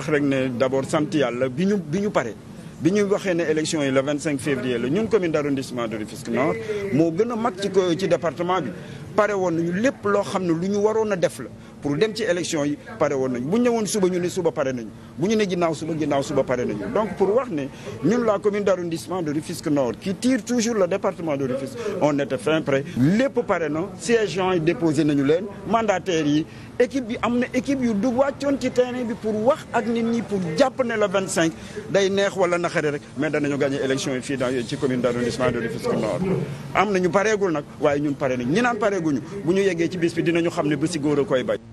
wax rek ne d'abord sant yàlla bi ñu bi ñu pare bi ñu waxee ne élection yi le 25 février la ñun commune d'arrondissement de Rufisque Nord moo gën a mag ci ci département bi pare woon nañu lépp loo xam ne lu ñu waroon a def la pour dem ci élection yi pare woon nañu bu ñu ñëwoon suba ñu ne suba pare nañu bu ñu ne ginnaaw suba ginnaaw suba pare nañu donc pour wax ne ñun la commune d' arrondissement de Rufisque Nord qui tire toujours le département de Rufisque on était fin prêt lépp pare na siège yi déposé nañu leen mandataires yi équipe bi am na équipe yu dugg wàccoon ci terrain bi pour wax ak nit ñi pour jàpp ne le 25 day neex wala naxare rek mais danañu gagné élection yi fii dans ci commune ñu pareegul nag waaye ñun pare nañ ñi naan pareeguñu bu a